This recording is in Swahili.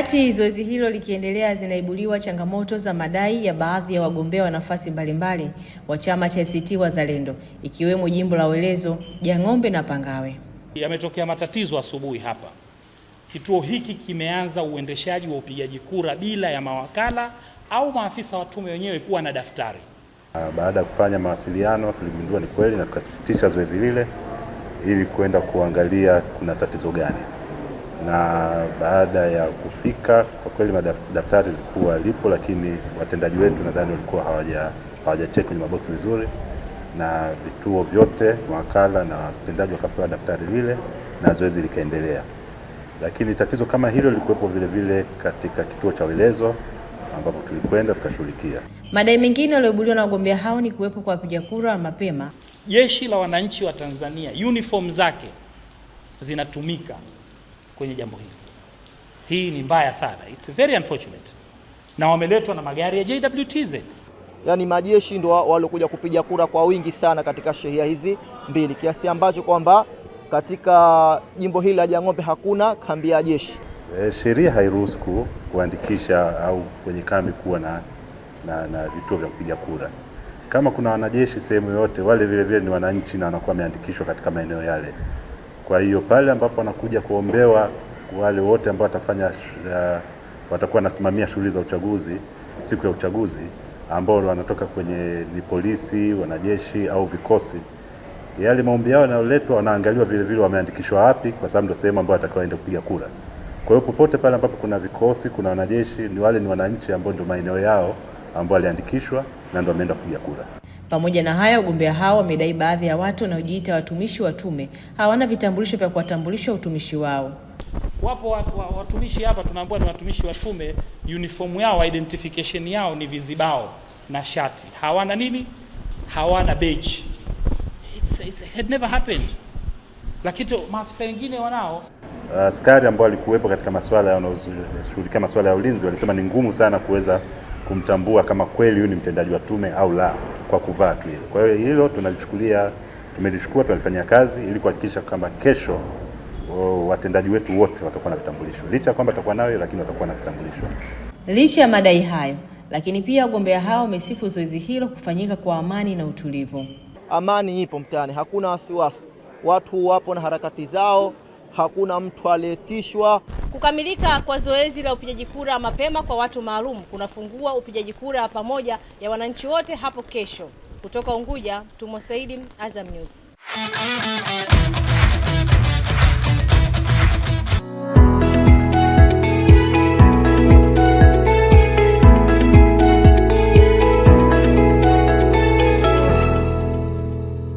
Wakati zoezi hilo likiendelea, zinaibuliwa changamoto za madai ya baadhi ya wagombea wa nafasi mbalimbali wa chama cha ACT Wazalendo, ikiwemo jimbo la Welezo, Jang'ombe na Pangawe. Yametokea matatizo asubuhi hapa. Kituo hiki kimeanza uendeshaji wa upigaji kura bila ya mawakala au maafisa wa tume wenyewe kuwa na daftari. Ah, baada ya kufanya mawasiliano, tuligundua ni kweli na tukasitisha zoezi lile ili kwenda kuangalia kuna tatizo gani na baada ya kufika kwa kweli madaftari likuwa lipo, lakini watendaji wetu nadhani walikuwa hawaja hawajacheki kwenye maboksi vizuri, na vituo vyote mawakala na watendaji wakapewa daftari lile na zoezi likaendelea. Lakini tatizo kama hilo lilikuwepo vile vile katika kituo cha Welezo ambapo tulikwenda tukashughulikia. Madai mengine yaliyobuliwa na wagombea hao ni kuwepo kwa wapiga kura mapema. Jeshi la Wananchi wa Tanzania uniform zake zinatumika kwenye jambo hili. Hii ni mbaya sana, it's very unfortunate, na wameletwa na magari ya JWTZ. Yaani majeshi ndo waliokuja kupiga kura kwa wingi sana katika shehia hizi mbili, kiasi ambacho kwamba katika jimbo hili la Jang'ombe hakuna kambi ya jeshi. E, sheria hairuhusu kuandikisha au kwenye kambi kuwa na, na, na vituo vya kupiga kura. Kama kuna wanajeshi sehemu yote wale vilevile ni wananchi na wanakuwa wameandikishwa katika maeneo yale. Kwa hiyo pale ambapo wanakuja kuombewa wale wote ambao watafanya uh, watakuwa wanasimamia shughuli za uchaguzi siku ya uchaguzi, ambao wanatoka kwenye ni polisi, wanajeshi au vikosi, yale maombi yao yanayoletwa wanaangaliwa vile vile wameandikishwa wapi, kwa sababu ndio sehemu ambayo watakaoenda kupiga kura. Kwa hiyo popote pale ambapo kuna vikosi, kuna wanajeshi, ni wale ni wananchi ambao ndio maeneo yao ambao waliandikishwa na ndio wameenda kupiga kura. Pamoja na haya, wagombea hao wamedai baadhi ya watu wanaojiita watumishi wa tume hawana vitambulisho vya kuwatambulisha utumishi wao. Wapo watumishi hapa tunaambiwa ni watumishi wa tume, uniform yao, identification yao ni vizibao na shati, hawana nini? Hawana beji. It's, it's, it had never happened, lakini maafisa wengine wanao uh, askari ambao walikuwepo katika masuala yanayoshughulikia masuala ya ulinzi walisema ni ngumu sana kuweza kumtambua kama kweli huyu ni mtendaji wa tume au la kwa kuvaa tu hilo. Kwa hiyo hilo tunalichukulia, tumelichukua, tunalifanyia kazi ili kuhakikisha kwamba kesho watendaji wetu wote watakuwa na vitambulisho. Licha ya kwamba atakuwa nayo, lakini watakuwa na vitambulisho. Licha ya madai hayo, lakini pia wagombea hao wamesifu zoezi hilo kufanyika kwa amani na utulivu. Amani ipo mtaani, hakuna wasiwasi, watu wapo na harakati zao hakuna mtu aliyetishwa. Kukamilika kwa zoezi la upigaji kura mapema kwa watu maalum kunafungua upigaji kura pamoja ya wananchi wote hapo kesho. Kutoka Unguja, Mtumwa Saidi, Azam News.